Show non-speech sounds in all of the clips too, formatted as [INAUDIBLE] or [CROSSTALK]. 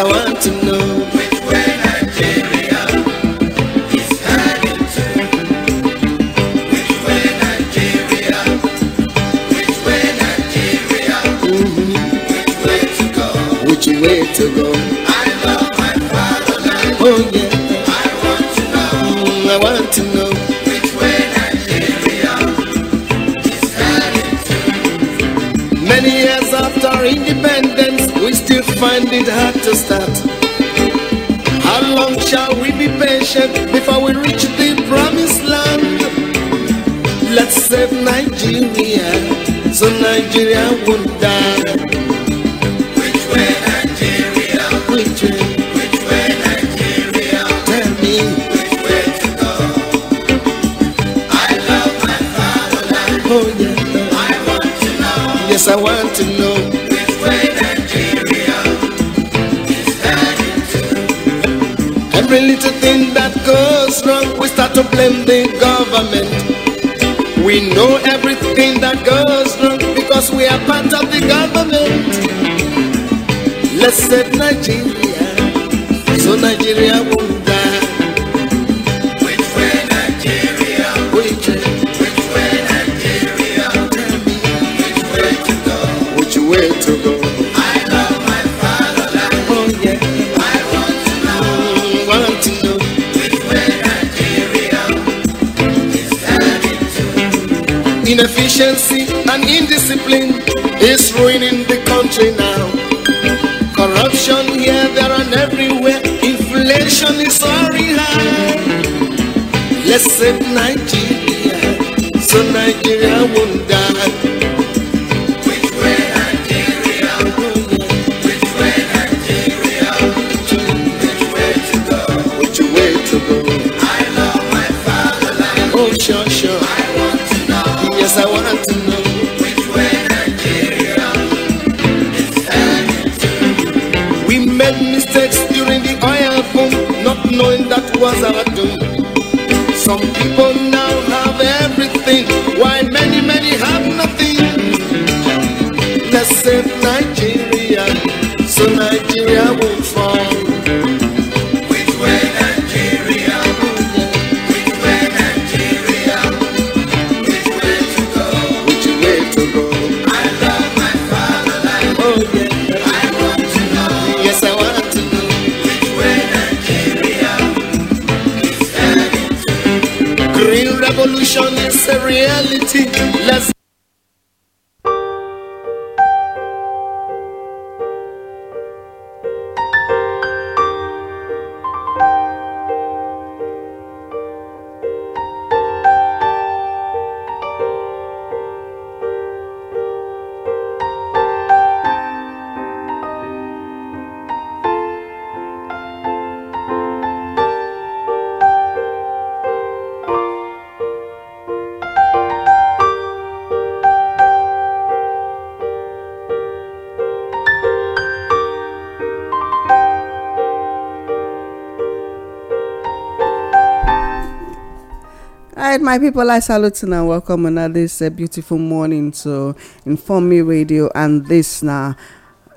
I want to know ¡Gracias! blessed Nigeria. So Nigeria won't die. Which way Nigeria? Which way? Which way Nigeria? Tell me. Which way to go? Which way to go? I love my fatherland. Oh yeah. I want to know. Mm, want to know. Which way Nigeria is heading to? Inefficiency and indiscipline is ruining the country now. Corruption here, there and everywhere. Inflation is very high. Let's save Nigeria so Nigeria won't die. that was our doom. Some people now have everything, while many, many have nothing. Let's save Nigeria, so Nigeria won't fall. a reality. Let's right, my people, I salute and welcome on this uh, beautiful morning to Inform Me Radio and this now.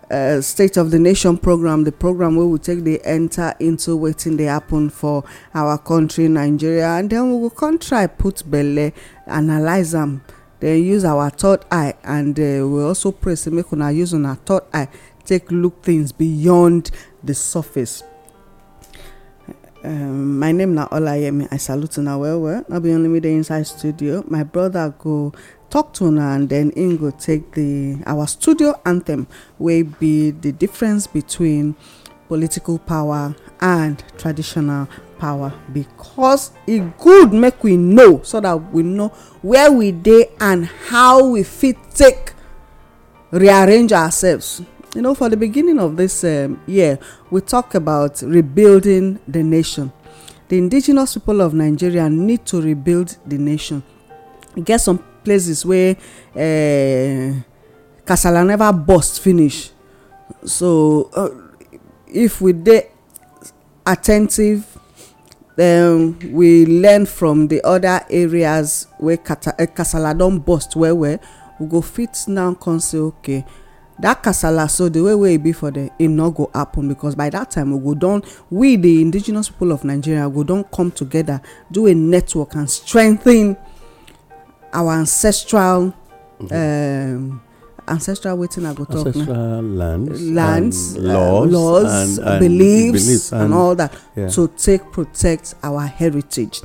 Uh, State of the Nation program, the program where we take the enter into waiting they happen for our country, Nigeria, and then we will come try put belly, analyze them, then use our third eye, and uh, we also pray say make una use our third eye, take look things beyond the surface um, my name na olayemi i salute una well well no be only me the inside studio my brother go talk to una and then in go take the our studio anthem Will be the difference between political power and traditional power because e good make we know so that we know where we dey and how we fit take rearrange ourselves you know, for the beginning of this um, year, we talk about rebuilding the nation. The indigenous people of Nigeria need to rebuild the nation. E get some places where uh, never bust finish. So, uh, if we dey attentive, then um, we learn from the other areas where kata, don't eh, bust. don burst well well, we go fit now can say okay that kasala so the way wey e be for dem e no go happen because by that time we go don we the indigenous people of nigeria go don come together do a network and strengthen our ancestral mm-hmm. um, ancestral wetin i go talk ancestral lands lands uh, laws and beliefs and all that to take protect our heritage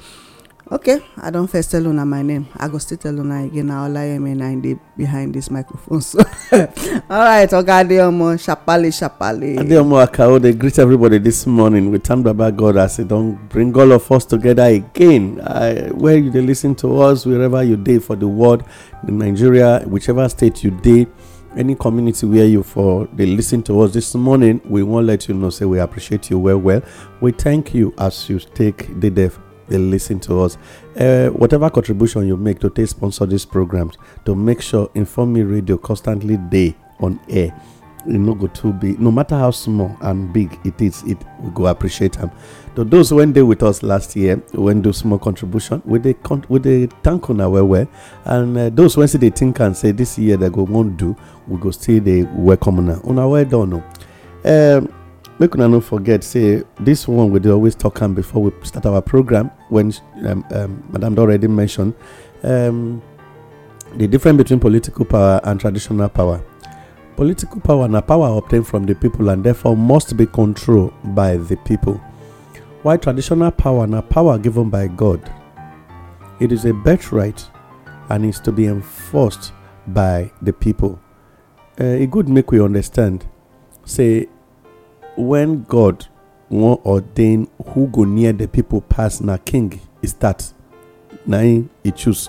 okay i don first tell una my name i go still tell una again na olayemi na im dey behind this microphone so [LAUGHS] alright oga adeyomo shapale shapale adeyomo akao dey greet everybody this morning we thank baba god as e don bring all of us together again where you dey listen to us wherever you dey for the world in nigeria whichever state you dey any community where you for dey listen to us this morning we wan let you know say we appreciate you well well we thank you as you take dey there they listen to us. Uh, whatever contribution you make to take sponsor these programs, to make sure Inform Me Radio constantly day on air. You no go to be no matter how small and big it is, it we go appreciate them. To those went there with us last year, when do small contribution with the con- with the thank on our way, and uh, those when see they think and say this year they go won't do, we go still they welcome on our way know. Um, make una no forget say this one we dey always talk am before we start our program when um, um, madam don already mention um, the difference between political power and traditional power political power na power obtained from the people and therefore must be controlled by the people while traditional power na power given by god it is a birthright and is to be enforced by the people uh, e good make we understand say when god won't ordain who go near the people pass na king is that, na he choose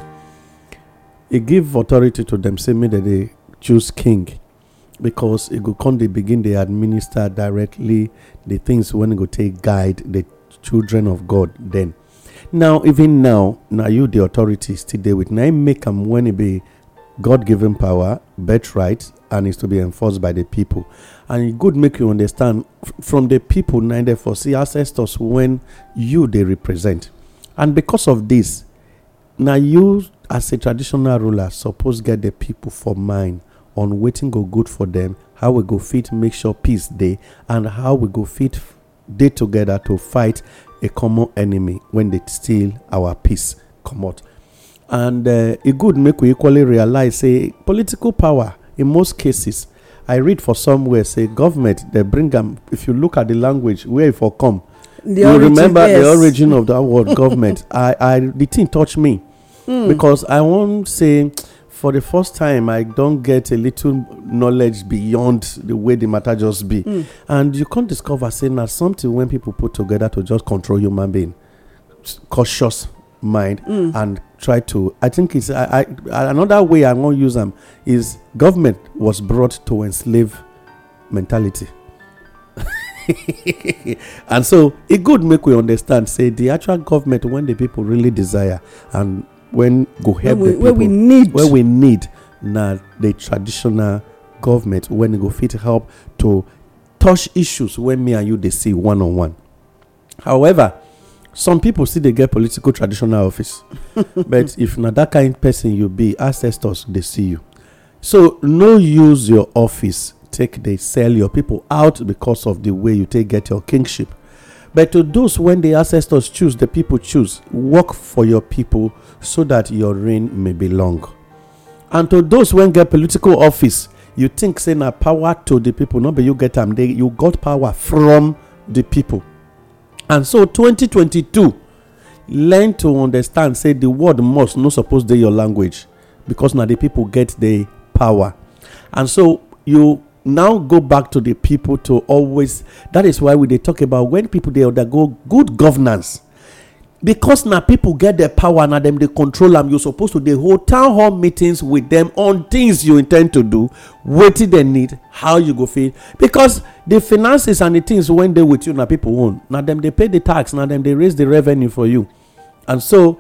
He give authority to them, say me that they choose king because it go come they begin they administer directly the things when go take guide the children of god then now even now na you the authority still there with na make am wen be God given power, birthright, and is to be enforced by the people. And it could make you understand from the people, neither foresee ancestors when you they represent. And because of this, now you as a traditional ruler suppose get the people for mind on waiting go good for them, how we go fit make sure peace day, and how we go fit day together to fight a common enemy when they steal our peace. Come out. and uh, e good make we equally realize say political power in most cases i read for somewhere say government dey bring am if you look at the language where e for come you remember the origin of that word [LAUGHS] government i i the thing touch me hmm. because i wan say for the first time i don get a little knowledge beyond the way the matter just be hmm. and you come discover say na something when people put together to just control human being cautious mind hmm. and try to i think it's I, I, another way i am gonna use them is government was brought to enslave mentality [LAUGHS] and so it could make we understand say the actual government when the people really desire and when go help we, the people where we need where we need now the traditional government when go fit help to touch issues when me and you they see one on one however some people still they get political traditional office [LAUGHS] but if not that kind person you be ancestors they see you so no use your office take they sell your people out because of the way you take get your kingship but to those when the ancestors choose the people choose work for your people so that your reign may be long and to those when get political office you think say na power to the people no but you get they you got power from the people and so 2022 learn to understand say the word must no suppose dey your language because na the people get the power and so you now go back to the people to always that is why we dey talk about when people dey undergo good governance because na people get their power na dem dey control am you suppose to dey hold town hall meetings with dem on things you intend to do wetin dem need how you go fit because the finances and the things wey dey with you na people own na dem dey pay the tax na dem dey raise the revenue for you and so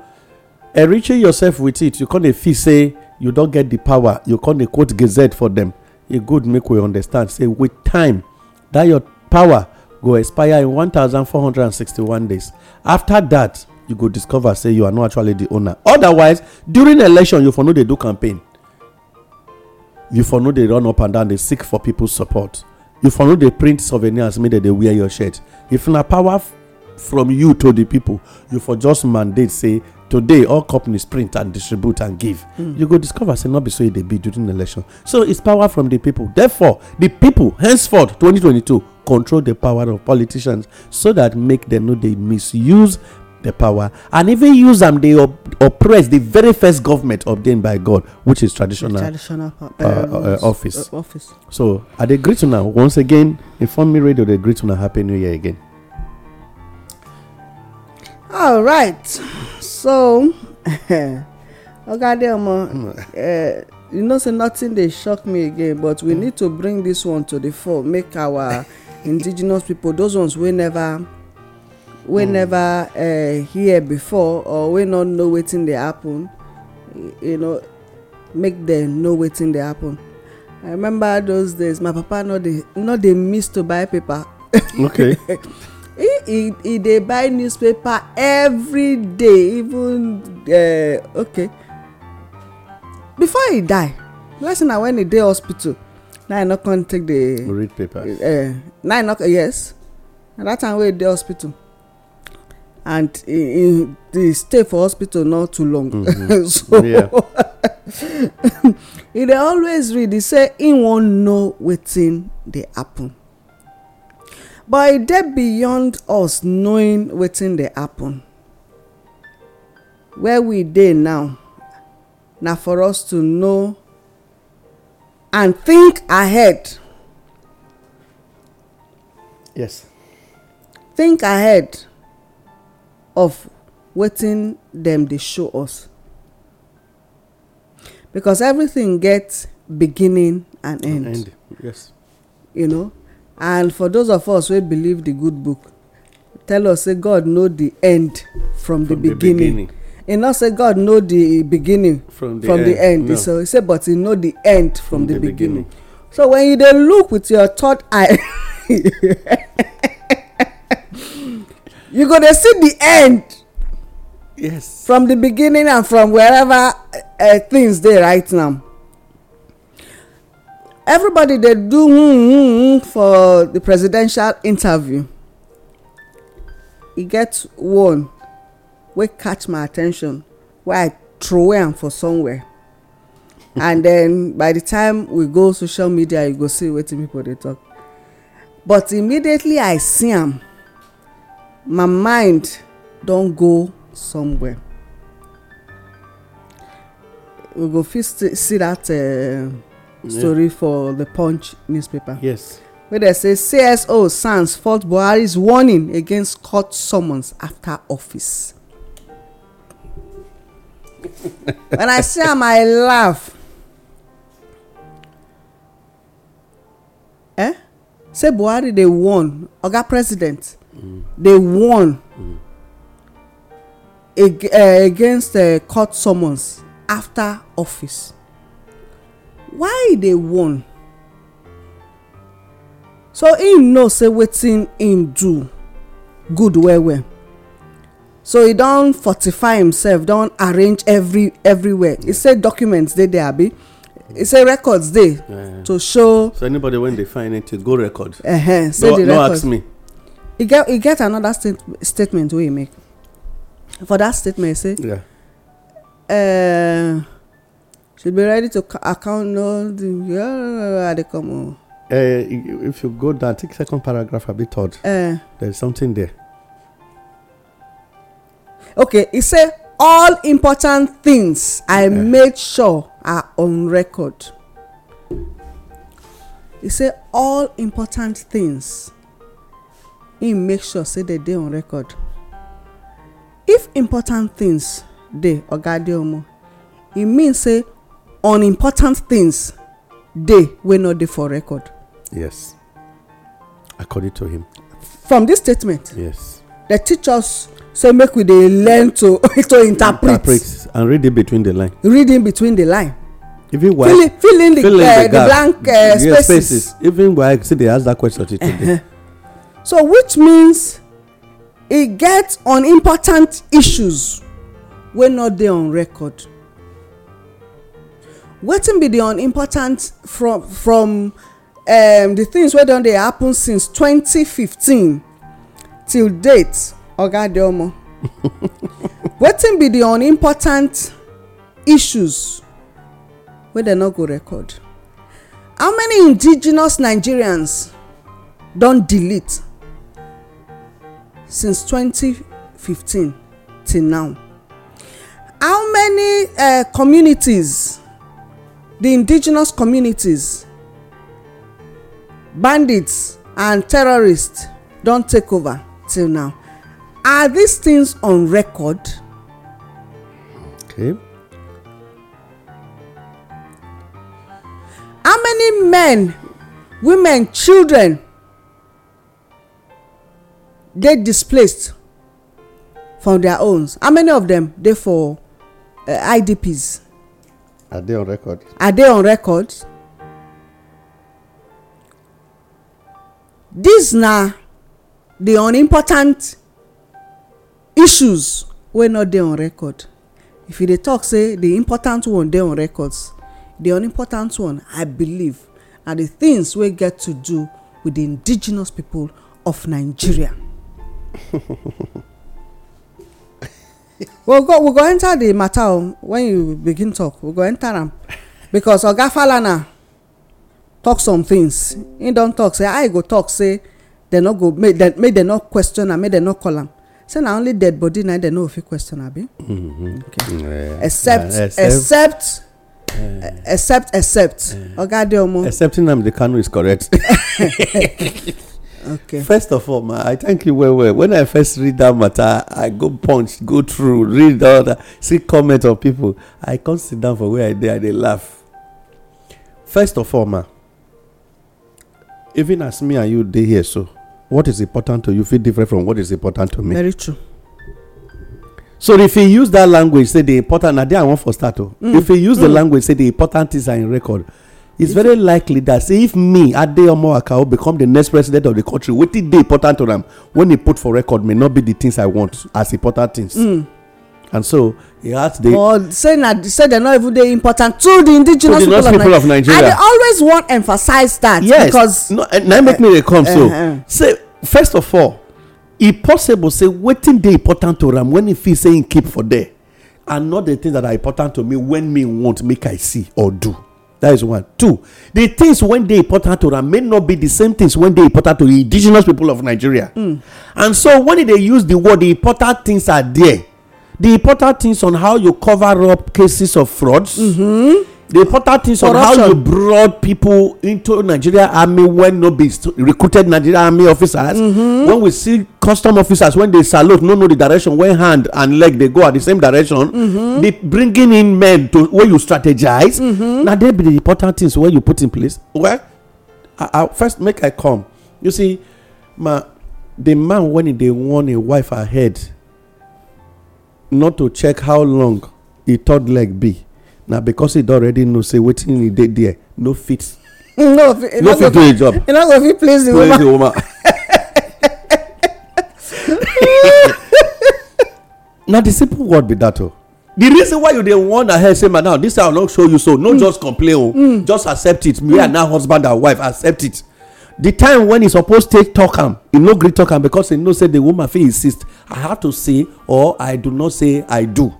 enriching yourself with it you con dey feel say you don get the power you con dey quote gazette for dem e good make we understand say with time that your power go expire in 1461 days after that, you go discover say you are not actually the owner otherwise during election you for no dey do campaign you for no dey run up and down dey seek for pipo support you for no dey print souvenirs make dem dey wear your shirt if na power from you to the people, you for just mandate say today all companies print and distribute and give hmm. you go discover say not be so e dey be during election so its power from the people. therefore the people henceforth 2022 control the power of politicians so that make them know they misuse the power and even use am dey oppress the very first government obtained by god which is traditional uh, uh, um, uh, office Office. so i dey greet now? once again inform me radio dey greet now happy new year again all right so [LAUGHS] oga uh, you know say nothing They shock me again but we hmm. need to bring this one to the fore make our indigenous people those ones wey never wey hmm. never eh, hear before or wey no know wetin dey happen you know make dem know wetin dey happen i remember those days my papa no dey miss to buy paper [LAUGHS] okay. he he dey buy newspaper every day even uh, okay before he die blessing na when he dey hospital Now i no come take the read paper Now i no yes that time wey e dey hospital and e stay for hospital not too long mm-hmm. [LAUGHS] so [LAUGHS] e dey always read e say im wan know wetin dey happen but e dey beyond us knowing wetin dey happen where we dey now na for us to know and think ahead. Yes. Think ahead of wetin dem dey show us because everything gets beginning and end. And end. Yes. You know, and for those of us wey believe the good book, tell us say God know the end from, from the beginning. The beginning he know say god know the beginning from the from end, the end. No. so he say but he know the end from, from the, the beginning. beginning so when you dey look with your third eye [LAUGHS] you go dey see the end yes from the beginning and from wherever uh, things dey right now everybody dey do mm, mm, mm for the presidential interview e get one wey catch my attention wey i throw am for somewhere and then by the time we go social media you go see wetin people dey talk but immediately i see am my mind don go somewhere we go fit see that uh, story for the punch newspaper yes wey dem say cso sans fault buhari's warning against court summons after office when i see am i laugh eh say buhari they won? oga president dey warn eh, against eh, court summons after office why they won? so he know say wetin im do good well well so he don fortify himself don arrange every everywhere He say documents dey there abi He say records dey eh. to show so anybody wey dey find anything go record Uh -huh, say the record no ask me He get he get another statement wey he make for that statement He say uh, should be ready to account no the yeah, come on. Uh, eh, if you go down take second paragraph a bit odd uh, there's something there okay he say all important things i made sure are on record He say all important things He make sure say they dey on record if important things dey oga adeomu e mean say unimportant things dey wey no dey for record yes according to him from this statement yes they teach us say make we dey learn to [LAUGHS] to interpret. interpret and read in between the line. reading between the line. even while filling fill in the, fill uh, the, the blank uh, spaces. spaces. even why i still dey ask that question till today. Uh-huh. so which means e get on important issues wey no dey on record wetin be di unimportant from from um, the things wey don dey happen since 2015 till date oga adeomo [LAUGHS] wetin be the unimportant issues wey dem no go record how many indigenous nigerians don delete since 2015 till now how many eh, communities the indigenous communities bandits and terrorists don take over till now are these things on record? Okay. How many men, women, children dey displaced from their homes? How many of them dey for uh, IDPs? Are they on record? Are they on record? This na the unimportant issues wey no dey on record if you dey talk say the important one dey on records the unimportant one i believe na the things wey get to do with the indigenous people of nigeria [LAUGHS] we go we go enter the matter oh, when you begin talk we go enter am because oga falana talk some things he don talk say I go talk say dem no go make dem no question am make dem no call am say na only dead body na dem no fit question abi mm-hmm. except except except except oga Accepting excepting the kanu is correct [LAUGHS] [LAUGHS] okay first of all ma i thank you well well when i first read that matter i go punch go through read all that see comment of people i come sit down for where i dey i dey laugh first of all ma even as me and you dey here so what is important to you feel different from what is important to me. very true. so if he use that language say the important na there i wan for start o. Mm. if he use mm. the language say the important things are in record it's very likely that say if me adeyomo akao become the next president of the country wetin dey important to am when he put for record may not be the things i want as important things. Mm and so e ask the. or say na say they no even dey important to the indigenous people, people, people of nigeria i dey always wan emphasize that. yes because no, eh, make me dey come so uh-huh. say first of all e possible say wetin dey important to am when e feel say im keep for there and not the things that are important to me when me want make i see or do that is one two the things when dey important to am may not be the same things when dey important to the indigenous people of nigeria mm. and so when they use the word the important things are there the important things on how you cover up cases of frauds. Mm-hmm. the important things on how you brought people into nigeria army when no be recruited nigeria army officers mm-hmm. when we see custom officers when they salute no know the direction when hand and leg dey go at the same direction mm-hmm. the bringing in men to wey you strategize mm-hmm. na dey be the important things wey you put in place well i i first make i come you see ma the man when he dey warn him wife ahead not to check how long e third leg be na because e don already know say wetin e dey there no fit no [LAUGHS] no fit do e job e no go fit place the woman the woman na [LAUGHS] the simple word be that o oh. the reason why you dey warn ahead say madam this i no show you so no mm. just complain o oh. mm. just accept it me and now mm. husband and wife accept it the time when e suppose take talk am e no gree talk am because he know say the woman fit insist i have to say or i do not say i do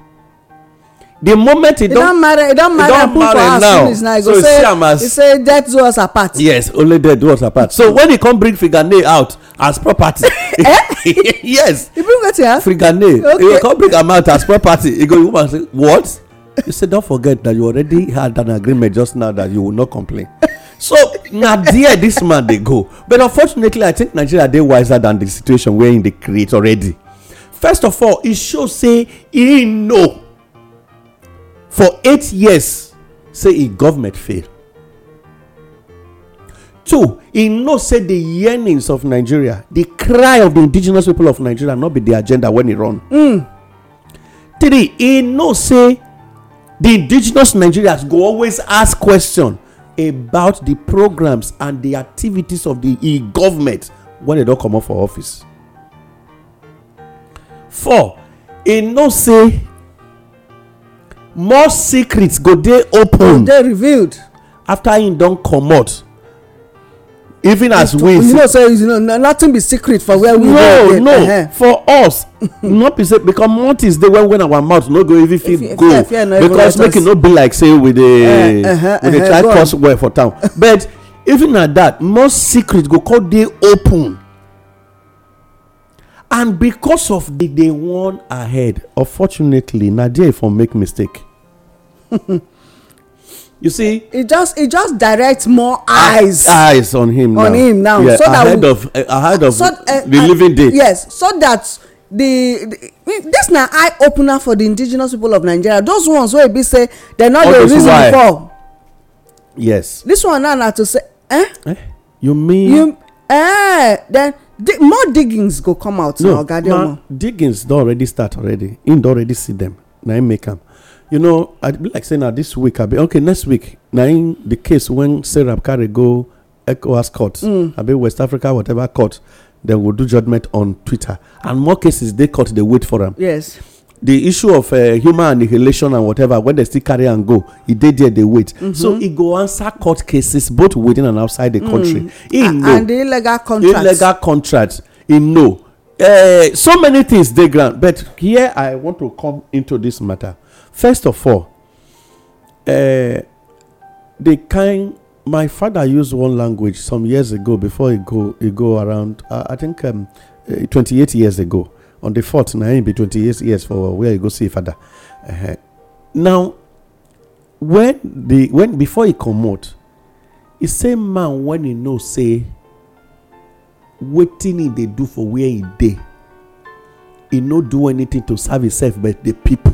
the moment he don marry he don marry put for house finish now e go say he say death do us apart yes only death do us apart so [LAUGHS] when he come bring fingernail out as property [LAUGHS] eh? [LAUGHS] yes he bring wetin ah fingernail e go come bring am out as property He go woman say what you say don't forget that you already had an agreement just now that you will not complain so na there dis man dey go but unfortunately i think nigeria dey wiser than the situation wey im dey create already first of all e show say e know for eight years say e government fail two e know say the yearnings of nigeria the cry of the indigenous people of nigeria not be the agenda when e run hmm. three e know say the indigenous nigerians go always ask question about the programs and the activities of the e-government when they don comot for office four e know say more secrets go dey open go dey revealed after im e don comot even as we you know say you know nothing be secret for where we no no uh-huh. for us not be say because month is dey when when our mouth no go even fit go because make e no be like say we dey uh, uh-huh, we dey uh-huh, try cause well for town [LAUGHS] but even at that most secret go come dey open and because of the dey one ahead unfortunately na there e for make mistake [LAUGHS] you see. it just it just direct more eyes. Ah, eyes on him on now on him now. Yeah, so ahead that we, of eh, ahead of so, uh, the uh, living day. yes so that the, the this na eye opener for the indigenous people of nigeria those ones wey be say dem no dey reason why. before. yes. this one now na to say. Eh? Eh? you mean. you eh, then di more diggings go come out no, na no diggings don already start already im don already see dem na im make am you know i be like say na this week i be okay next week na in the case when sarah carry go ecowas court abi mm. west africa whatever court dem go do judgment on twitter and more cases dey court dey wait for am yes the issue of uh, human annihilation and whatever when they still carry am go e dey there dey wait mm-hmm. so e go answer court cases both within and outside the country mm. e know and the illegal contract illegal contract e know eh, so many things dey ground but here i want to come into this matter first of all uh, the kind my father used one language some years ago before he go he go around uh, i think um, uh, 28 years ago on the 4th now he be 28 years for where he go see father uh-huh. now when the when before he comot he say man when he know say wetin he do for where he day? he no do anything to serve himself but the people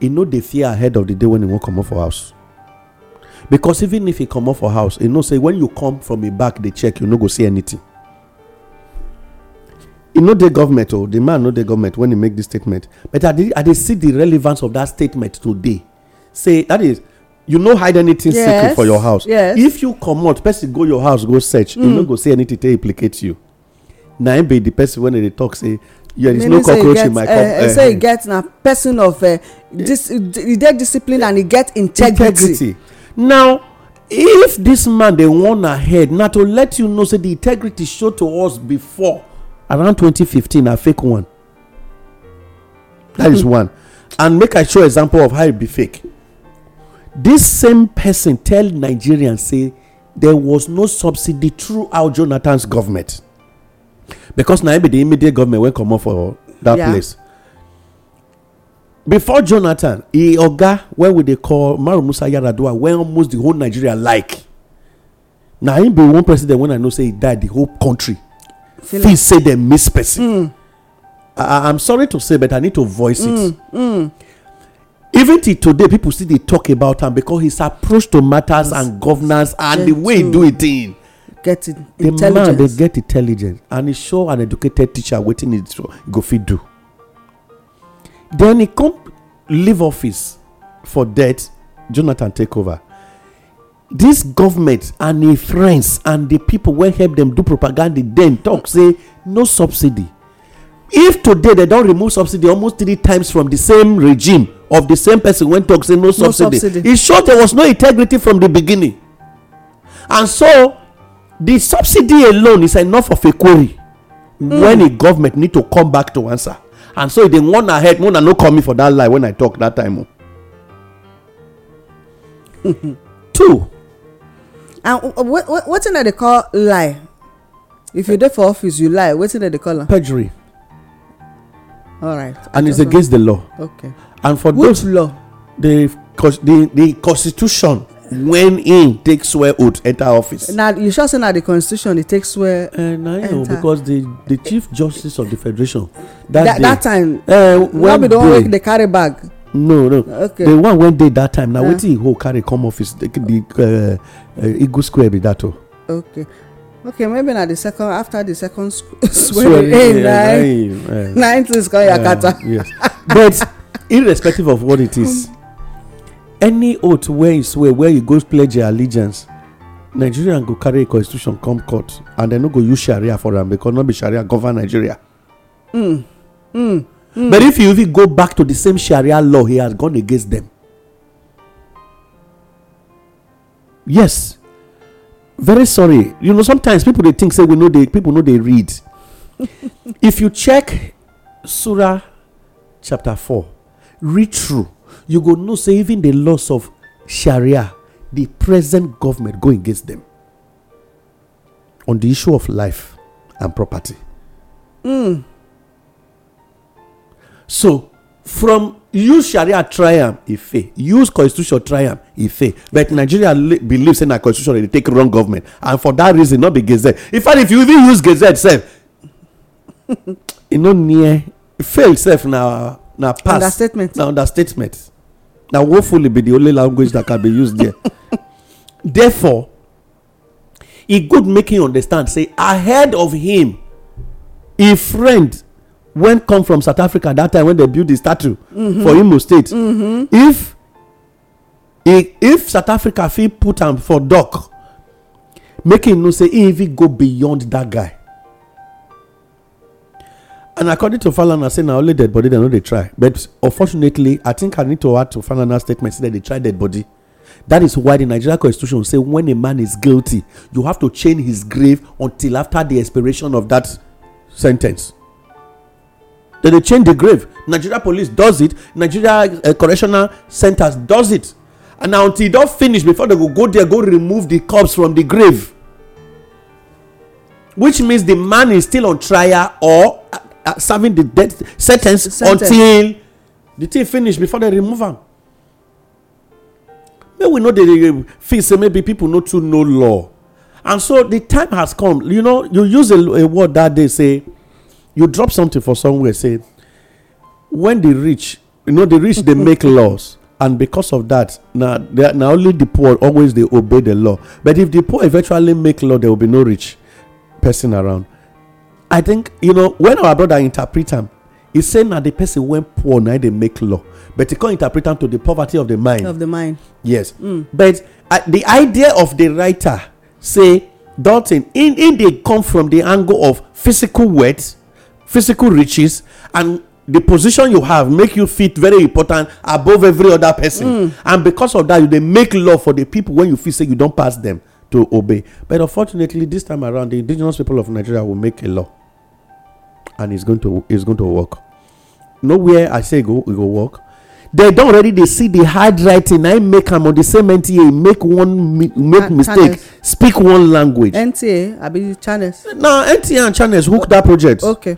e know dey fear ahead of the day when won't come comot for house because even if he come comot for house e know say when you come from e back they check you no go see anything e know the government oh the man know the government when he make this statement but i did, I did see the relevance of that statement today say that is you know hide anything secret for your house if you come out, person go your house go search you no mm. go see anything take implicate you Now, im be the person when they talk say yeah there is no cockroach in my eh, cup uh, say e get na person of uh, dis e dey discipline and he get integrity now if dis man dey warn ahead na to let you know say di integrity show to us before around 2015 na fake one that is mm-hmm. one and make i show example of how e be fake dis same person tell nigerians say there was no subsidy throughout jonathan's government because na him be the immediate government wey comot for dat place before jonathan e oga wey we dey call maru musa yaradua wey almost the whole nigeria like na him be one president wey i know say he die the whole country feel say dem miss person mm. i i'm sorry to say but i need to voice it mm, mm. even till today people still dey talk about am because his approach to matters and governance and the way he do it in get the intelligence. the man dey get intelligence and e show an educated teacher wetin e go fit do then he come leave office for death jonathan take over This government and im friends and the people wey help dem do propaganda den tok say no subsidy if today dem don remove subsidy almost three times from di same regime of di same person wey tok say no subsidy e show there was no integrity from di beginning and so the subsidy alone is enough of a query mm. when a government need to come back to answer and so they dey warn ahead una no call me for that lie when i talk that time o. Oh. [LAUGHS] two. and wetin dem dey call lie if you dey for office you lie wetin dem dey call am. perjury. all right. and it's against the law. okay. and for Which those. law. the the the constitution when im take swear oath enter office na you sure say na the constitution e take swear eh, na you know because the chief justice of the federation that day time eh, no be the one wey dey carry bag no no Okay. the one wey dey that time na wetin e hold carry come office the eh, eagle square be that o oh. okay okay maybe na the second after the second [LAUGHS] swearing in na im things call yakata yes but irrespective of what it is [LAUGHS] any oath where you swear where he go pledge your allegiance nigeria go carry constitution come court and dem no go use sharia for am because no be sharia govern nigeria Mm. Mm. but if you even go back to the same sharia law he has gone against them yes very sorry you know sometimes people dey think say we know dey people no dey read [LAUGHS] if you check surah chapter Four, read through you go know say even the laws of sharia the present government go against them on the issue of life and property mm. so from use sharia triumph ife, use constitution triumph ife. but nigeria believe say na constitution dey take wrong government and for that reason not be gazette in fact if you even use gazette sef [LAUGHS] e no near fail sef na na pass na understatement na woefully be the only language that can be used there [LAUGHS] therefore e good make him understand say ahead of him a friend wen come from south africa dat time wen dem build di statue mm-hmm. for imo state mm-hmm. if if south africa fit put am for dock make him know say e even go beyond dat guy and according to falana say na only dead body dem no dey try but unfortunately i think i need to add to falana statement say dem dey try dead body that is why the nigeria constitution say when a man is guilty you have to chain his grave until after the expiration of that sen ten ce dem dey chain the grave nigeria police does it nigeria uh, correctional centres does it and na until e don finish before dem go go there go remove the corpse from the grave which means the man is still on trial or Uh, serving the death sentence, sentence until the thing finish before they remove am make we know the feel say maybe people no too know law and so the time has come you know you use a, a word that day say you drop something for somewhere say when the rich you know the rich dey [LAUGHS] make laws and because of that na na only the poor always dey obey the law but if the poor eventually make law there will be no rich person around i think you know when our brother interpret am e say na the person wey poor now they make law but he can't interpret am to the poverty of the mind of the mind yes mm. but uh, the idea of the writer say dalton in in they come from the angle of physical wealth physical riches and the position you have make you fit very important above every other person mm. and because of that they make law for the people when you feel say you don't pass them to obey. But unfortunately, this time around, the indigenous people of Nigeria will make a law, and it's going to it's going to work. Nowhere I say go, it will work. They don't already they see the hard writing. I make them on the same NTA make one make uh, mistake, Channels. speak one language. NTA, I be channels. Now NTA and channels hook that project. Okay.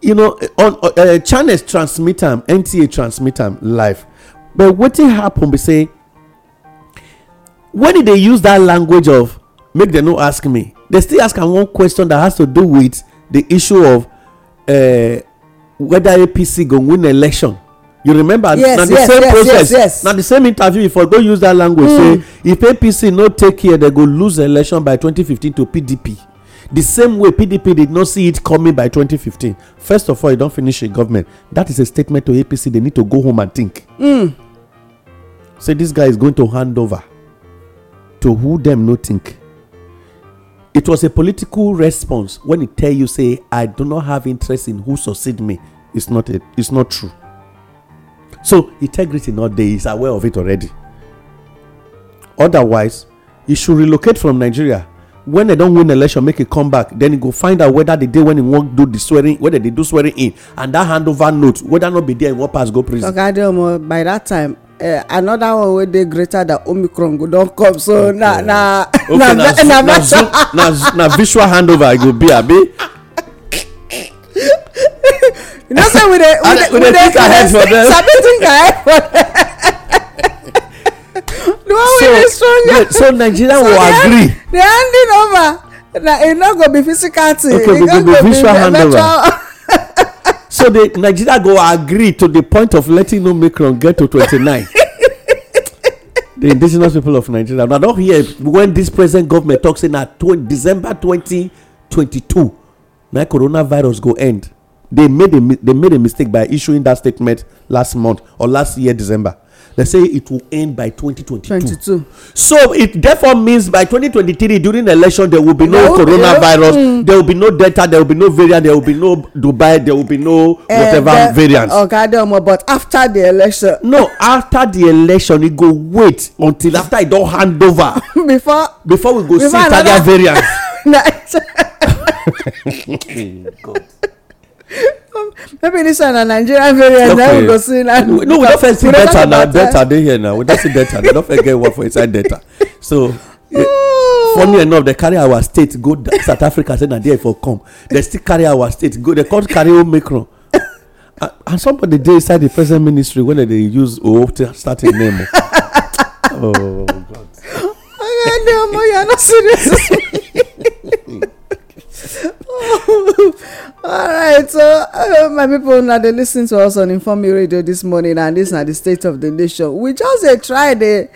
You know, on uh, uh, channels transmit them, NTA transmit them live. But what happened? We say when e dey use that language of make them no ask me They still ask am one question that has to do with the issue of eh, whether apc go win election you remember Yes, na the same process na the same interview before go use that language hmm. say if apc no take care they go lose election by 2015 to pdp the same way pdp did not see it coming by 2015 first of all you don finish a government that is a statement to apc they need to go home and think hmm. say this guy is going to hand over to who them no think it was a political response when e tell you say i do not have interest in who succeed me it's not it. it's not true so integrity not dey is aware of it already otherwise e should relocate from nigeria when they don't win election make e come back then e go find out whether the day when e wan do the swearing whether they do swearing in and that handover note whether not be there e wan pass go prison. oga by that time Eh, another one wey dey greater than omicron go don come so na na na na na visual handover e go be abi you know say we dey we dey sabi think ahead for them. [LAUGHS] the one wey dey strong so nigeria will agree the handing over na e no go be physical thing e go be virtual [LAUGHS] so the nigeria go agree to the point of letting omicron get to 29 [LAUGHS] the indigenous people of nigeria na don hear when this present government tok say na december 2022 na coronavirus go end they made a they made a mistake by issuing that statement last month or last year december Let's say it will end by 2022. 22. So it therefore means by 2023 during the election there will be no, no coronavirus, no. Mm. there will be no delta, there will be no variant, there will be no Dubai, there will be no uh, whatever the, variant. Okay, know, but after the election. No, after the election, you go wait until after it don't hand over. [LAUGHS] before before we go before see another, Italian variant. [LAUGHS] [LAUGHS] God maybe this one na nigerian variant na we go see na no we don first see delta na delta dey here now we don see delta We don first get one for inside delta so eh, oh. funny enough dem carry our state go south africa say na there for come dem still carry our state go dem come carry omicron and somebody dey inside the present ministry wey dem dey use o start im name oh god oga omo you are not serious [LAUGHS] All right, so my people, now they listen to us on informe radio this morning and dis na the state of the nation we just dey eh, try they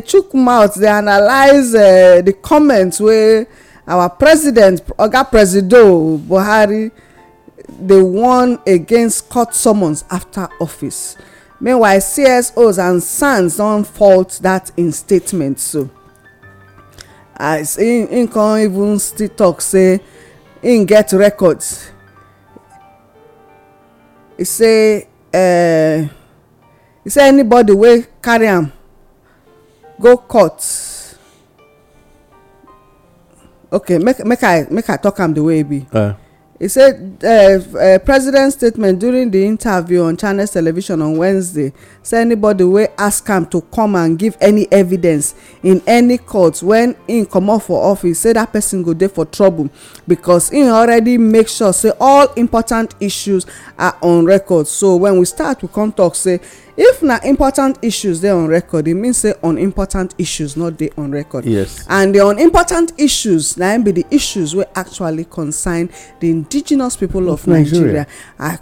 chook mouth dey analyse eh, the comments where our president oga presido buhari they won against court summons after office meanwhile csos and sans don't fault that in statement so as im con even still tok say In get records he say uh, e say anybody wey carry am go court okay make make i make i talk am the way e be eh. He said uh, uh, president statement during the interview on Chinese Television on Wednesday say anybody wey ask am to come and give any evidence in any court when im comot for office say dat person go dey for trouble because im already make sure say all important issues are on record so when we start we come talk say if na important issues dey on record e mean say unimportant issues not dey on record yes and di unimportant issues na im be di issues wey actually concern the indigenous people of nigeria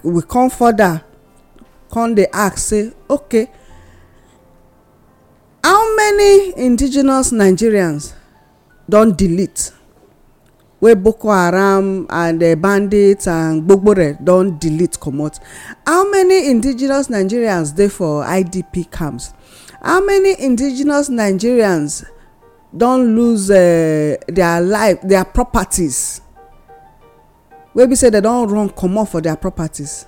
we come further come dey ask say okay how many indigenous nigerians don delete wey boko haram and eh, bandits and gbogbore don delete comot how many indigenous nigerians dey for idp camps how many indigenous nigerians don lose eh, their life their properties wey be say dem don run comot for their properties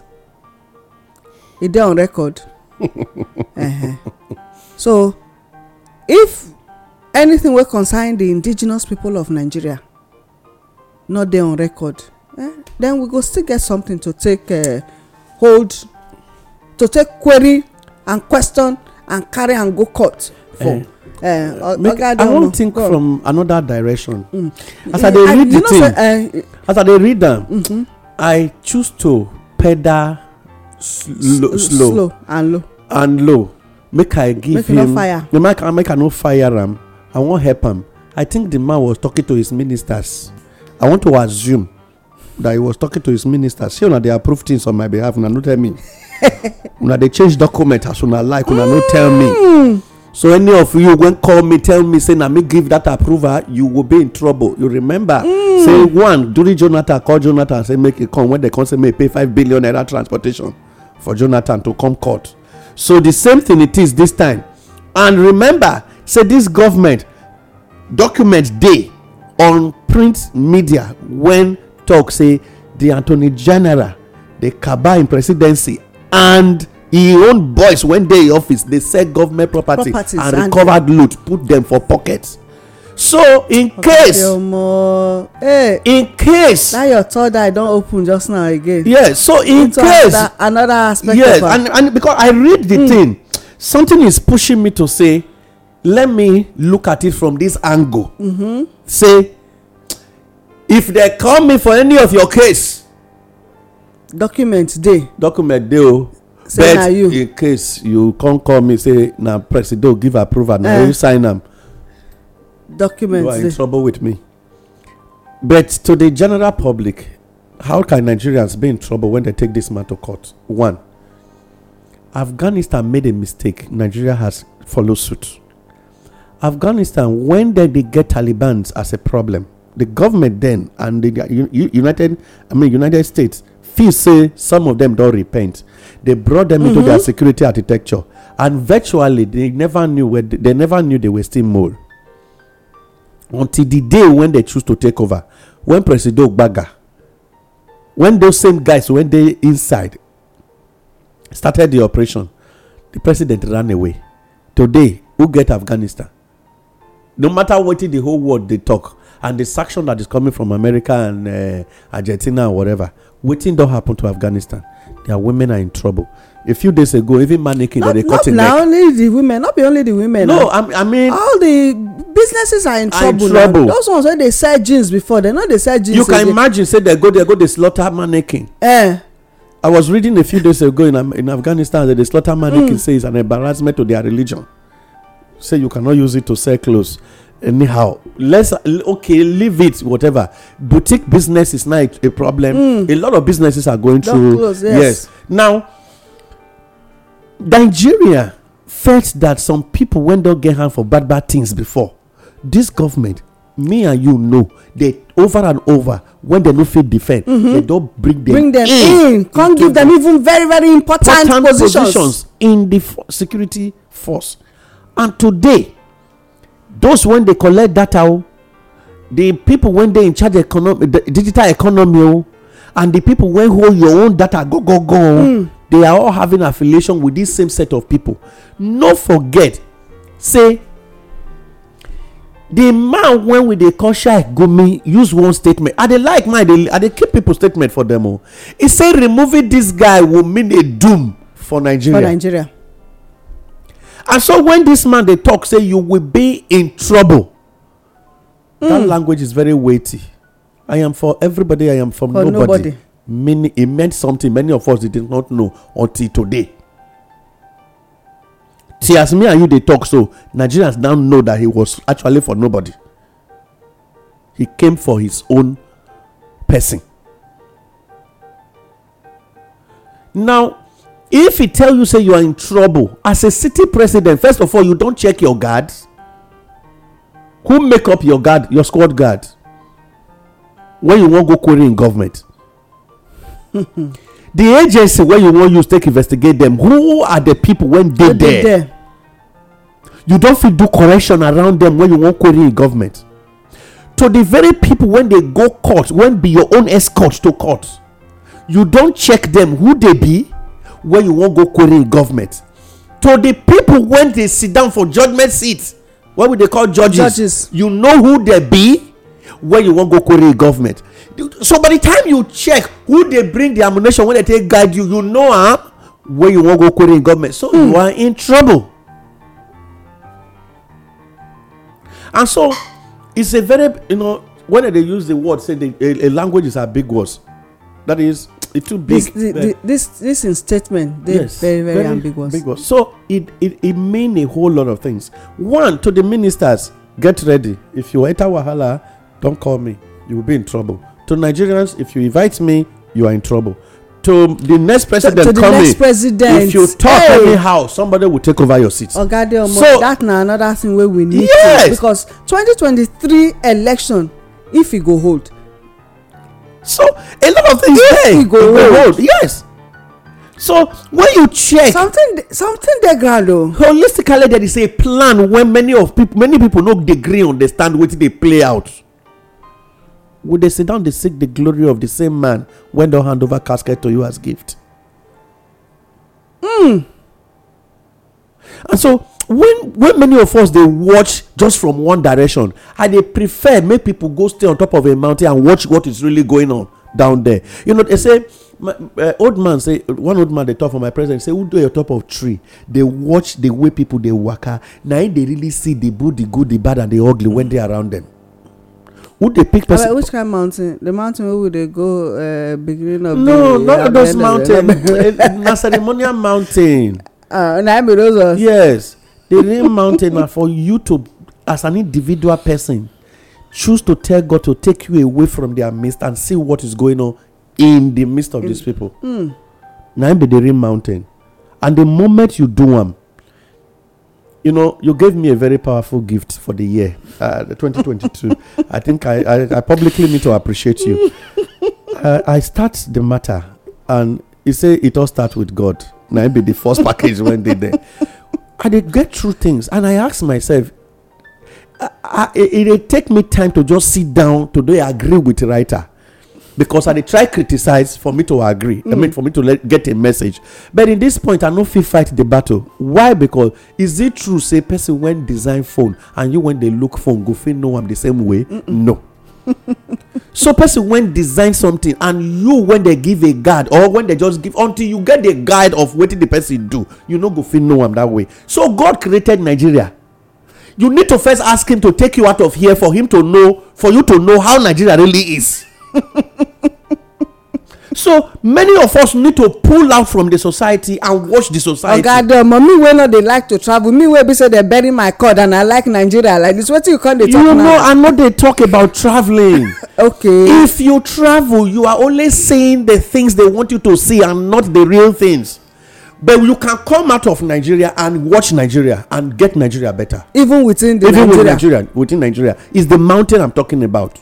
e dey on record [LAUGHS] so if anything wey concern the indigenous people of nigeria Not there on record eh then we go still get something to take eh, hold to take query and question and carry and go court for eh. Eh, make i wan think from another direction mm. as i dey read the thing as i dey read am mm-hmm. i choose to pedal slow and low and low. make i give him make i no fire am i wan help am i think the man was talking to his ministers i want to assume that he was talking to his minister say una they approved things on my behalf una no tell me [LAUGHS] una they change document as soon as like una no tell me so any of you when call me tell me say na me give that approval you will be in trouble you remember mm. say one during jonathan call jonathan say make it come when they come say make pay five billion naira transportation for jonathan to come court so the same thing it is this time and remember say this government document day on print media wen talk say di attorney general di kabal in presidency and e own boys wen dey office dey sell government property and recovered loot put dem for pocket so in case in case now your third eye don open just now again yes so in case another aspect yes and and because i read the hmm. thing something is pushing me to say let me look at it from this angle mm-hmm. say if they call me for any of your case document dey document dey o but in case you come call me say na presido oh, give approval na you eh. sign am document you are in trouble with me but to the general public how can nigerians be in trouble when they take this matter to court one afghanistan made a mistake nigeria has followed suit afghanistan when did they get taliban as a problem the government then and the united i mean united states feel say some of them don't repent they brought dem into their mm-hmm. security architecture and virtually they never knew where they never knew they were still more until the day when they choose to take over when President gbaga when those same guys when they inside started the operation the president ran away today who get afghanistan no matter what, the whole world they talk and the sanction that is coming from america and uh, argentina and whatever wetin don happen to afghanistan their women are in trouble a few days ago even mannequin dem dey cut im neck not only the women not be only the women no ah. i mean all the businesses are in trouble now ah. those ones wey dey sell jeans before dem no dey sell jeans again you can imagine say dem go there go dey slaughter mannequin eh i was reading a few days ago in um, in afghanistan that dey slaughter mannequin hmm. say is an embarrassment to their religion say you cannot use it to sell clothes anyhow let's okay leave it whatever boutique business is not a problem mm. a lot of businesses are going through close, yes. yes now nigeria felt that some people went don get hand for bad bad things before this government me and you know they over and over when they no fit defend mm -hmm. they don bring them bring them in, in. come give them even very very important, important positions. positions in the security force and today those when they collect data o the people when they in charge economy, digital economy o and the people when hold your own data go go go mm. they are all having affiliation with this same set of people no forget say the man when we dey call shy gomi use one statement i dey like mine i dey keep people statement for them? o he say removing this guy will mean a doom for nigeria for nigeria and so when this man dey talk say you will be in trouble that hmm. language is very weighty i am for everybody i am from nobody meaning it meant something many of us did not know until today see as me and you dey talk so nigerians now know that he was actually for nobody he came for his own person now if he tell you say you are in trouble as a city president first of all you don check your guard who make up your guard your squad guard when you wan go query in government [LAUGHS] the agency wey you wan use take investigate them. who are the people wey dey there you don fit do correction around them when you wan query in government to the very people wey dey go court wey be your own escort to court you don check them. who they be wey you won't go query government to the people wey dey sit down for judgment seat wey we dey call judges Judges. you know who dey be when you wan go query government so by the time you check who dey bring the ammunition wey dey take guide you you know am ah, when you wan go query government so you hmm. are in trouble and so it's a very you know when dem dey use the word say languages are big words that is it's too big. This the, the, this this in statement, they yes, very, very, very ambiguous. ambiguous. So it, it it mean a whole lot of things. One to the ministers, get ready. If you enter Wahala, don't call me. You will be in trouble. To Nigerians, if you invite me, you are in trouble. To the next president to, to coming, next president, if you talk hey, anyhow, somebody will take over your seat. Ogade so, that na another thing where we need yes. to because 2023 election if e go hold so a lot of things if there e go hold yes so when you check something something dey ground o holistically there is a plan When many of people many people no dey gree understand wetin dey play out we dey sit down dey seek the glory of the same man wey don hand over casket to you as gift mm. and so when when many of us dey watch just from one direction i dey prefer make people go stay on top of a mountain and watch what is really going on down there you know they say my uh, old man say one old man dey talk for my presence say who dey on top of tree dey watch the way people dey waka na him dey really see the good the good the bad and the ugly when dey around them who dey pick person. which kind mountain the mountain wey we dey go uh, beginning of no, the no not those mountain [LAUGHS] eh, na ceremonial mountain. Ah, na uh, those ones. yes the real mountain na for you to as an individual person choose to tell god to take you away from their midst and see what is going on in the midst of mm. these people mm. na be the real mountain and the moment you do am you know you gave me a very powerful gift for the year uh, 2022 i think I, I, I publicly need to appreciate you uh, i start the matter and he say it all start with god na be the first package when they there i dey get through things and i ask myself it dey take me time to just sit down to dey agree with writer because i dey try criticize for me to agree i mean mm. for me to get a message but in this point i no fit fight the battle why because is it true say person wen design phone and you wen dey look phone go fit know am the same way no so person when design something and you when they give a guide or when they just give until you get the guide of wetin the person do you no go fit know am that way so god created nigeria you need to first ask him to take you out of here for him to know for you to know how nigeria really is [LAUGHS] so many of us need to pull out from the society and watch the society. oga adeomo me wey no dey like to travel me wey be say dey bury my cord and i like nigeria like this wetin you come dey talk now. you know i no dey talk about traveling. [LAUGHS] okay. if you travel you are only seeing the things they want you to see and not the real things but you can come out of nigeria and watch nigeria and get nigeria better. even within the even nigeria with nigeria within nigeria is the mountain i'm talking about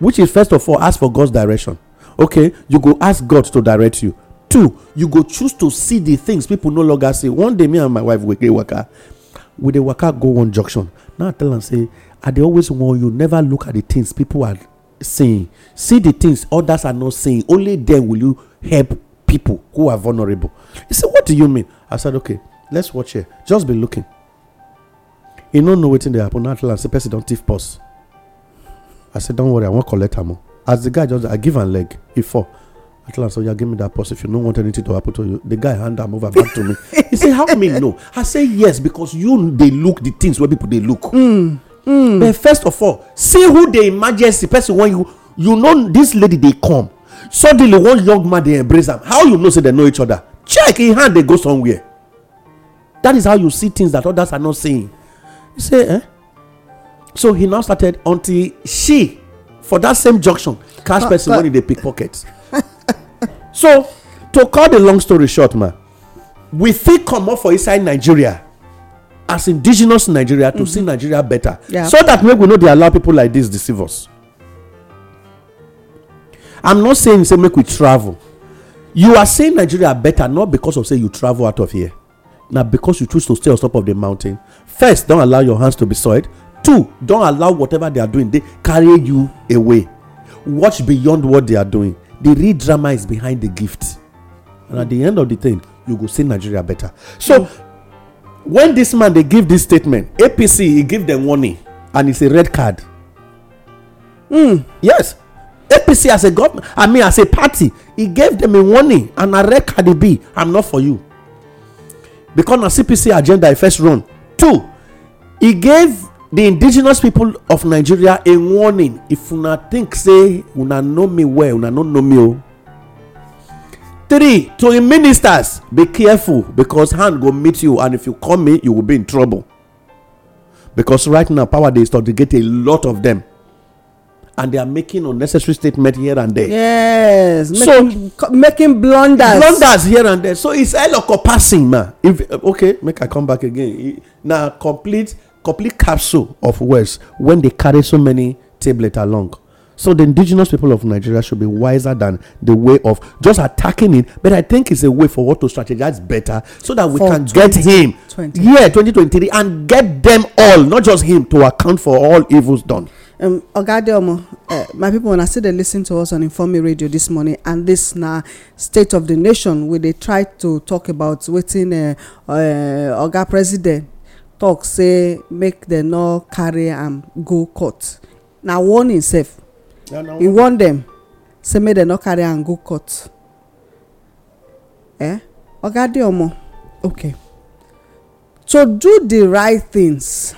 which is first of all ask for god's direction okay you go ask god to direct you two you go choose to see the things people no longer see one day me and my wife we dey waka we dey waka go one junction now i tell am say i dey always warn you never look at the things people are seeing see the things others are not seeing only then will you help people who are vulnerable he said what do you mean i said okay let's watch here just be looking he no know wetin dey happen now i tell am say person don thief purse i said don't worry i wan collect am o As the guy just I give and leg, he fall. I tell him, so Yeah, give me that purse if you don't want anything to happen to you. The guy hand am over back to me. [LAUGHS] He say How me know? I say yes, because you they look the things where people they look. Mm. Mm. But first of all, see who the emergency person when you you know this lady they come. Suddenly one young man they embrace them. How you know say they know each other? Check in hand they go somewhere. That is how you see things that others are not seeing. You say, eh? So he now started until she for that same junction cash person money dey pickpocket [LAUGHS] so to call the long story short ma we fit comot for inside nigeria as indigenous nigeria to see mm-hmm. nigeria better so that make we no dey allow people like dis deceive us i'm not saying say make we travel you are saying nigeria better not because of say you travel out of here na because you choose to stay on top of the mountain first don allow your hands to be soiled Two, don't allow whatever they are doing, they carry you away. Watch beyond what they are doing. The real drama is behind the gift. And at the end of the thing, you go see Nigeria better. So mm. when this man they give this statement, APC he give them warning and it's a red card. Mm. Yes. APC as a government, I mean as a party, he gave them a warning and a red card be. I'm not for you. Because na CPC agenda I first run. Two, he gave The indigenous people of nigeria a warning if una think say una know me well una no know me o three to im ministers be careful because hand go meet you and if you come me you will be in trouble because right now power dey get a lot of them and they are making unnecessary statement here and there. yes so making, making blunders. blunders here and there so it's a passing ma if okay make i come back again na complete complete capsule of words when they carry so many tablets along. So the indigenous people of Nigeria should be wiser than the way of just attacking it. But I think it's a way for what to strategize better so that we for can 20, get him. 20. Yeah, 2023 and get them all, not just him, to account for all evils done. um, Ogadeomo, uh, eh, my people, when I see they listen to us on Informe Radio this morning, and this now state of the nation, where they try to talk about waiting uh, eh, uh, eh, Oga President talk say make dem no carry am go court na warning sef He warn dem say make dem no carry am go court eh oga adeomo okay to do the right things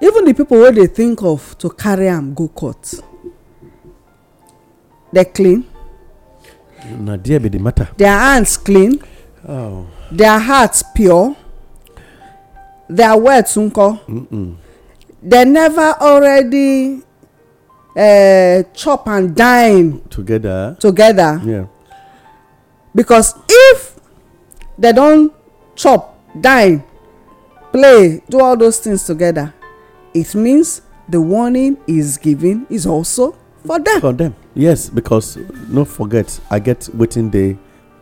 even the people wey dey think of to carry am go court dey clean na there be the matter their hands clean Oh. their hearts pure their words nko they never already uh, chop and dine together together yeah. because if they don chop dine play do all those things together it means the warning is given is also for them. for them yes because no forget i get wetin dey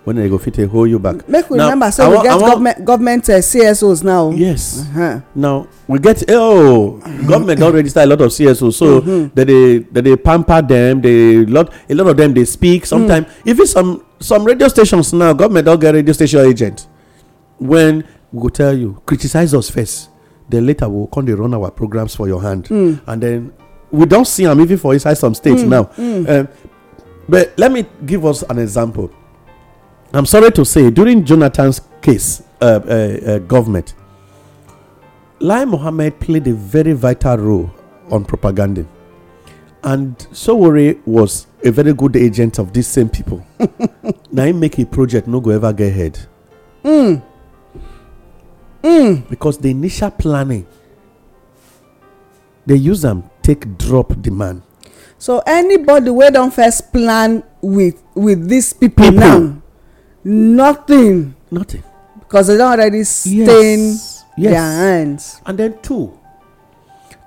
when they go fit dey hold you back. make we remember say we get government government uh, csos now. yes uh-huh. now we get eh, oh government don register a lot of csos so dem mm-hmm. dey pamper them, they lot a lot of them dey speak mm. sometimes even some some radio stations now government don get radio station agent when we go tell you criticize us first then later we go come dey run our programs for your hand mm. and then we don see am even for inside some states mm. now um, but let me give us an example I'm sorry to say, during Jonathan's case, uh, uh, uh, government, Lai Mohammed played a very vital role on propaganda. And Sowore was a very good agent of these same people. [LAUGHS] now he make a project no go ever get ahead. Mm. Mm. Because the initial planning, they use them take drop demand. So anybody where don't first plan with with these people, people now nothing. Nothing. Because they don't already stain yes. Yes. their hands. And then two,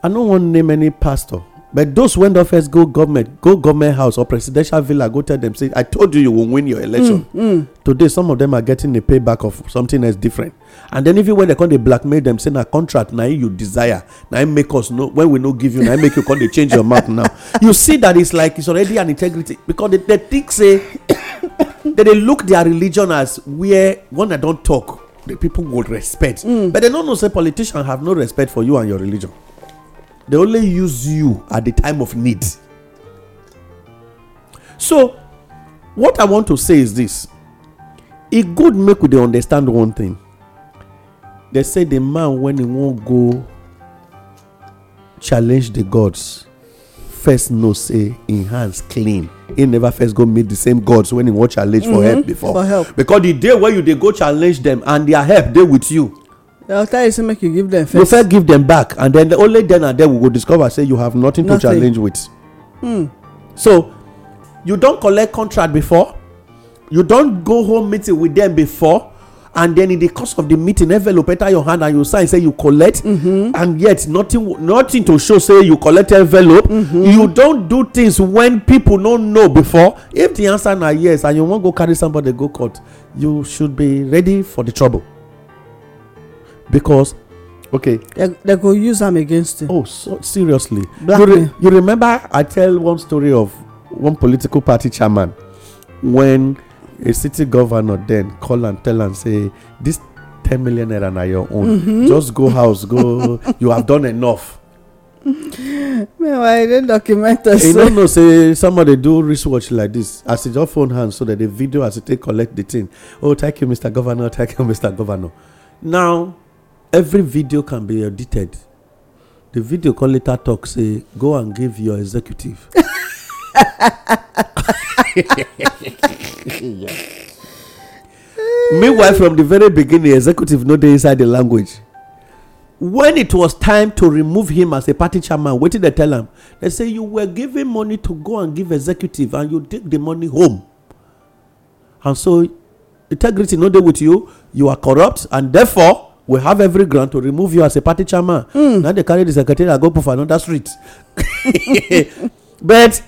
I don't want to name any pastor, but those when the first go government, go government house or presidential villa, go tell them, say, I told you you will win your election. Mm, mm. Today, some of them are getting a payback of something that's different. And then even when they come, they blackmail them, saying a contract, now you desire, now make us know when we no give you, now make you come, they change your mouth now. [LAUGHS] you see that it's like it's already an integrity because the thing say they dey look their religion as where when i don talk the people go respect hmm. but dem no know say politicians have no respect for you and your religion they only use you at the time of need so what i want to say is this e good make we dey understand one thing they say the man when he wan go challenge the gods first know say him hands clean he never first go meet the same gods when he wan challenge for help mm-hmm. before for help because the day wey you dey go challenge them and their help dey with you i'll tell you say make you give them first you first give them back and then only then and then we go discover say you have nothing to challenge with hmm. so you don collect contract before you don go home meeting with them before and then in the course of the meeting envelope enter your hand and you sign say you collect mm-hmm. and yet nothing nothing to show say you collect envelope mm-hmm. you don do things when people no know before if the answer na yes and you wan go carry somebody go court you should be ready for the trouble because okay. they go use am against you. oh so seriously Black you, re you remember i tell one story of one political party chairman when a city governor then call and tell am say this ten million naira na your own mm-hmm. just go house go you have done enough meanwhile e don document us e no know say somebody do research like this. as e just phone hand so that the video as e take collect the thing oh thank you mr governor [LAUGHS] thank you mr governor now every video can be edited the video come later talk say go and give your executive [LAUGHS] [LAUGHS] Meanwhile, from the very beginning, executive no dey inside the language. When it was time to remove him as a party chairman, wetin dey tell am? They say you were giving money to go and give executive and you take the money home. And so integrity no dey with you, you are corrupt and therefore we have every ground to remove you as a party chairman. Mm. Now they carry the secretary and go put for another street. [LAUGHS] but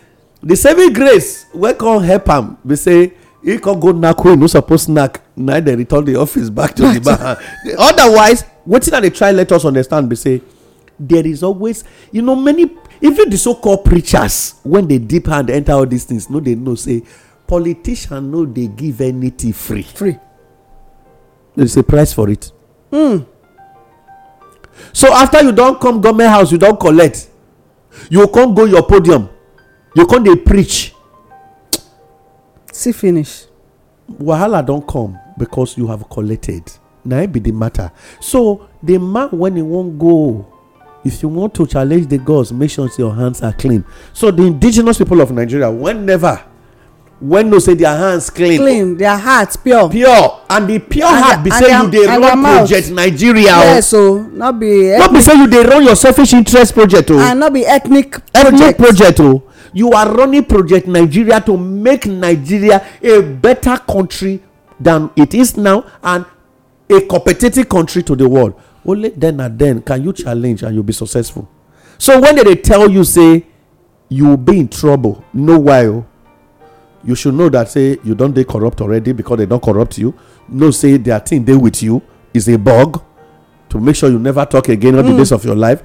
the saving grace wey come help am be say he come go knack wey no suppose knack na dey return the office [LAUGHS] back to the bar. otherwise wetin i dey try let us understand be say there is always you know many even the so called preachers when they deep hand enter all these things no dey know say politician no dey give anything free free there is a price for it mm. so after you don come government house you don collect you come go your podium you come dey preach see finish wahala don come because you have collected na be the matter so the man when he wan go if you want to challenge the gods make sure your hands are clean so the indigenous people of nigeria whenever when no say their hands clean clean their hearts pure pure and the pure heart be say you dey run project nigeria yes o oh. not be ethnic not be say you dey run your selfish interest project o and not be ethnic project ethnic project o you are running project nigeria to make nigeria a better country than it is now and a competitive country to the world only then and then can you challenge and you be successful so when they tell you say you will be in trouble no why you should know that say you don't they corrupt already because they don't corrupt you No, say their thing they with you is a bug to make sure you never talk again all the hmm. days of your life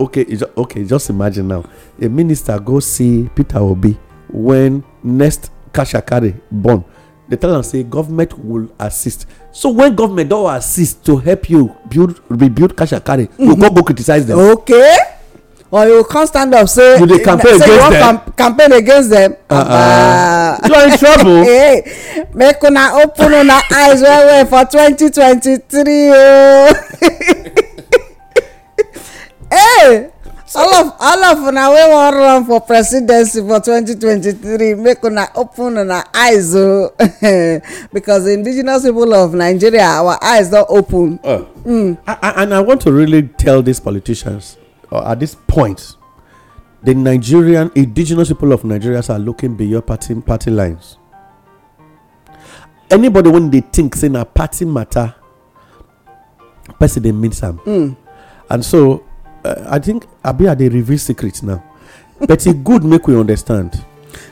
okay okay just imagine now a minister go see peter obi when next kashakari born they tell am say government will assist so when government don assist to help you build rebuild kashakari mm -hmm. you go mm-hmm. go criticize them. okay or you come stand up say you dey eh, campaign say against them camp campaign against them. Uh -uh. you are in trouble. hey, [LAUGHS] eh, make una open una eyes well well for twenty twenty three o. Oh. [LAUGHS] hey all of all of una wey wan run for presidency for 2023 make una open una eyes o oh. [LAUGHS] because the indigenous people of nigeria our eyes don open mm. and i want to really tell these politicians at this point the nigerian indigenous people of nigeria are looking beyond party party lines anybody when they think say na party matter person dey mean am hmm. and so i think abi i dey reveal secret now but e good make we understand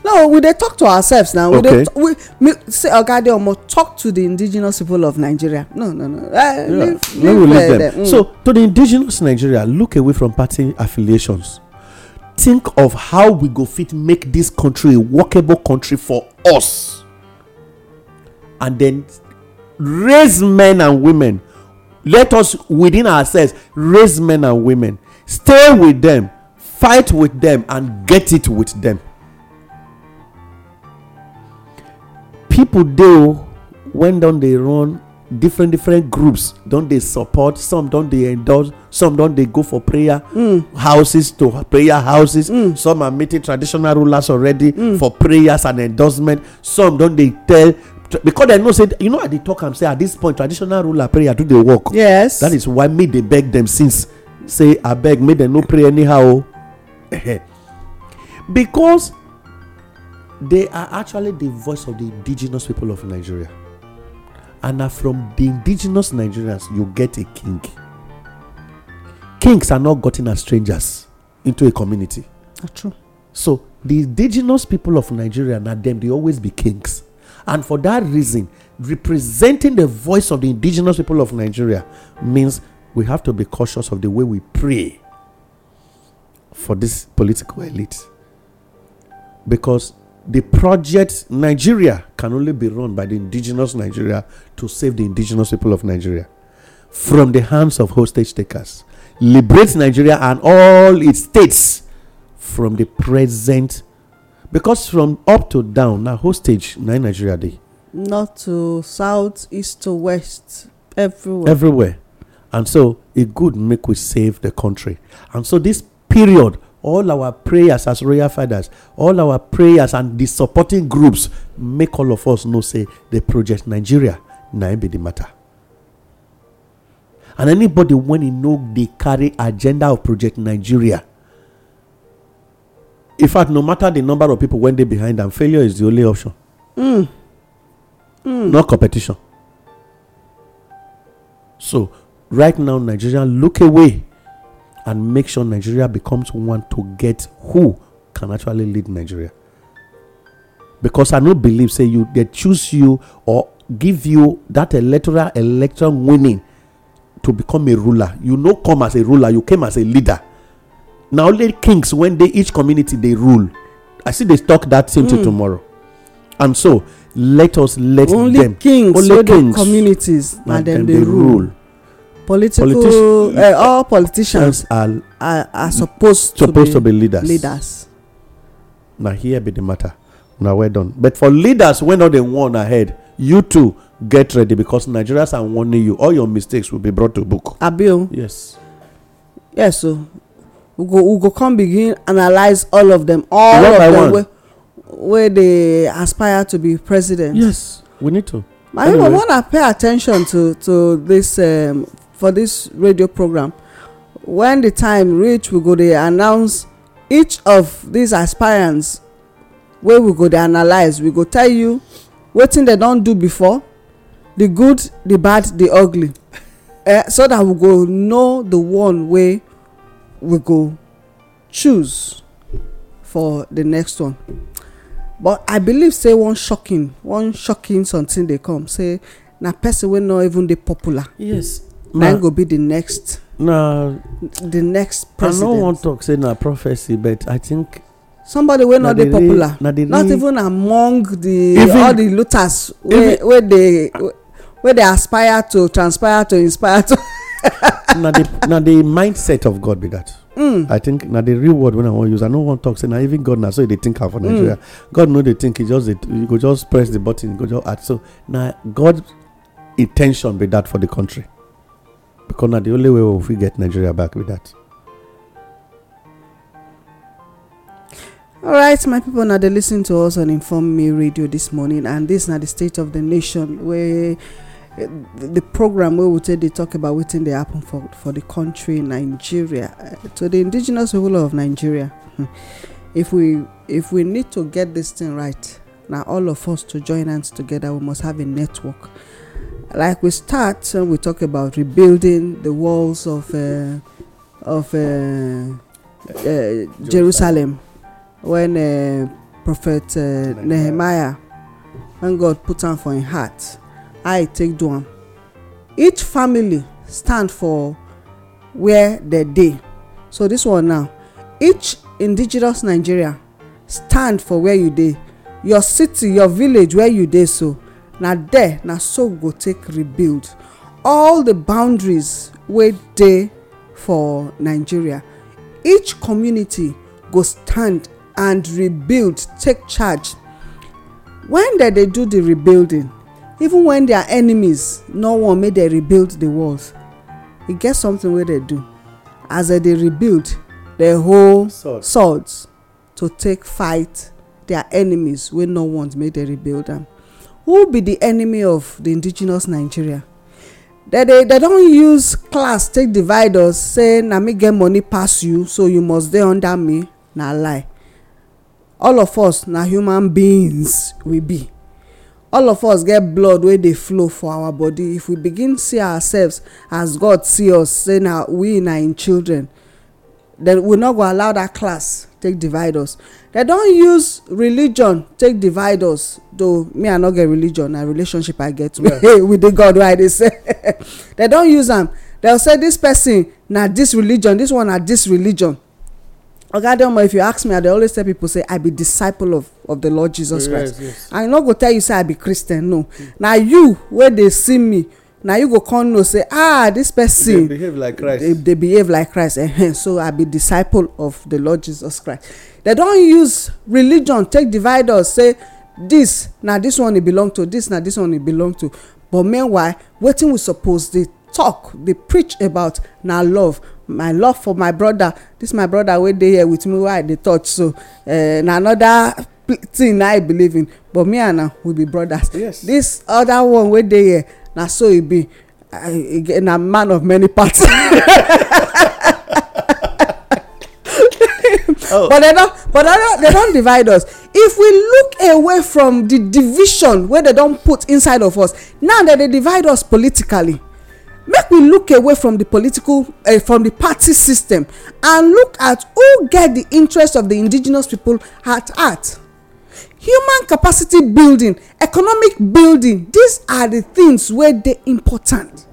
no we dey talk to ourselves now we dey say ogade omo talk to the indigenous people of nigeria no no no uh, leave leave dem mm. so to the indigenous nigeria look away from party affiliations think of how we go fit make this country a workable country for us and then raise men and women let us within ourselves raise men and women stay with them fight with them and get it with them people dey when don dey run different different groups don dey support some don dey endorse some don dey go for prayer mm. houses to prayer houses mm. some are meeting traditional rulers already mm. for prayers and endorsement some don dey tell because I know say you know i dey talk am say at this point traditional ruler prayer do dey work yes that is why me dey beg dem since say abeg make dem no pray anyhow because they are actually the voice of the indigenous people of nigeria and na from the indigenous nigerians you get a king kings are not gotten as strangers into a community true so the indigenous people of nigeria na dem dey always be kings And for that reason, representing the voice of the indigenous people of Nigeria means we have to be cautious of the way we pray for this political elite. Because the project Nigeria can only be run by the indigenous Nigeria to save the indigenous people of Nigeria from the hands of hostage takers. Liberate Nigeria and all its states from the present because from up to down na hostage na nigeria dey north to south east to west everywhere everywhere and so e good make we save the country and so this period all our prayers as royal fathers all our prayers and the supporting groups make all of us know say the project nigeria na be the matter and anybody when e no dey carry agenda of project nigeria in fact no matter the number of people when they behind them failure is the only option Mm. Mm. not competition so right now nigeria look away and make sure nigeria becomes one to get who can actually lead nigeria because i no believe say you they choose you or give you that electoral election winning to become a ruler you no come as a ruler you came as a leader na only kings when dey each community dey rule i still dey talk that same thing hmm. tomorrow and so let us let them only kings only kings communities na dem dey rule political eh, all politicians are are supposed to be leaders Leaders. na here be the matter na well done but for leaders wey no dey warn ahead you too get ready because nigerians are warning you all your mistakes will be brought to book abio yes yes o we go we go come begin Analyze all of them. all of dem wey dey aspire to be president yes we need to my people wanna pay attention to to this um, for this radio program when the time reach we go dey announce each of these aspirants wey we go dey analyze. we go tell you wetin dem don do before the good the bad the ugly eh, so that we go know the one wey we go choose for the next one but i believe say one shocking one shocking something dey come say na person wey no even dey popular yes na im go be the next na the next president i no wan talk say na prophecy but i think somebody wey no dey popular not even among the all di looters wey dey aspire to transpire to inspire to [LAUGHS] [LAUGHS] na the the mindset of god be that hmm. i think now the real word when i want to use i no one talks and na even god now so they think am for hmm. nigeria god know they think e just you could just press the button go just add so now god intention be that for the country because now the only way we fit get nigeria back be that. all right my people now they listen to us on inform me radio this morning and dis now the state of the nation where the program wey we take dey talk about wetin dey happen for for the country nigeria eh, to the indigenous people of nigeria hmm, if we if we need to get this thing right na all of us to join hands together we must have a network like we start eh, we talk about rebuilding the walls of uh, of uh, uh, jerusalem when uh, prophet uh, nehemiah when god put am for im heart how e take do am each family stand for where dem dey so this one now each indigenous nigeria stand for where you dey your city your village where you dey so na there na so we go take rebuild all the boundaries wey dey for nigeria each community go stand and rebuild take charge when dem dey do the rebuilding even wen dia enemies no want make they rebuild the walls e get something wey they do as they dey rebuild dem hold swords to take fight their enemies wey no want make they rebuild am who be the enemy of the indigenous nigeria They they don use class take divide us say na me get money pass you so you must dey under me na lie all of us na human beings we be all of us get blood wey dey flow for our body if we begin see ourselves as god see us say na we na im children then we no go allow that class take divide us They don use religion take divide us though me i no get religion na relationship i get with [LAUGHS] the god wey i dey say [LAUGHS] They don use am dem say this person na this religion this one na this religion oga adeomo if you ask me i dey always tell people say i be disciple of of the lord jesus christ i no go tell you say i be christian no na you wey dey see me na you go come know say ah this person dey behave like christ behave like ehn so i be disciple of the lord jesus christ dem don use religion take divide us say this na this one e belong to this na this one e belong to but meanwhile wetin we suppose dey talk dey preach about na love my love for my brother this my brother wey dey here with me wey i dey touch so eh, na another thing na i believe in but me and am we be brothers yes this other one wey dey here na so e be e na man of many parts oh. but they don but they don they don divide us if we look away from the division wey they don put inside of us now they dey divide us politically make we look away from the political uh, from the party system and look at who get the interest of the indigenous people at heart human capacity building economic building these are the things wey dey important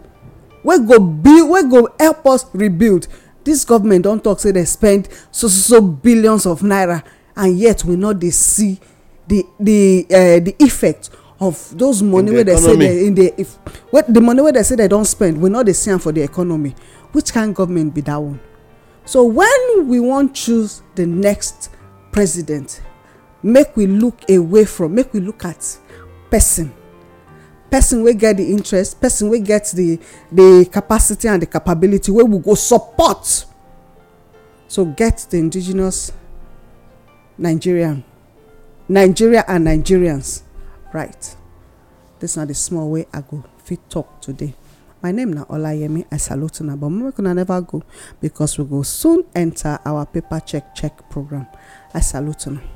wey go build wey go help us rebuild This government don talk say they spend so so so billions of naira and yet we no dey see the the uh, the effect of those money wey dem say they in the if wey the money wey they say they don spend we no dey see am for the economy which kind government be that one so when we wan choose the next president make we look away from make we look at person person wey get the interest person wey get the the capacity and the capability wey we go support So get the indigenous nigerian nigeria and nigerians right dis na di small way i go fit talk today my name na olayemi i salute una but make una never go because we go soon enter our paper check check program i salute una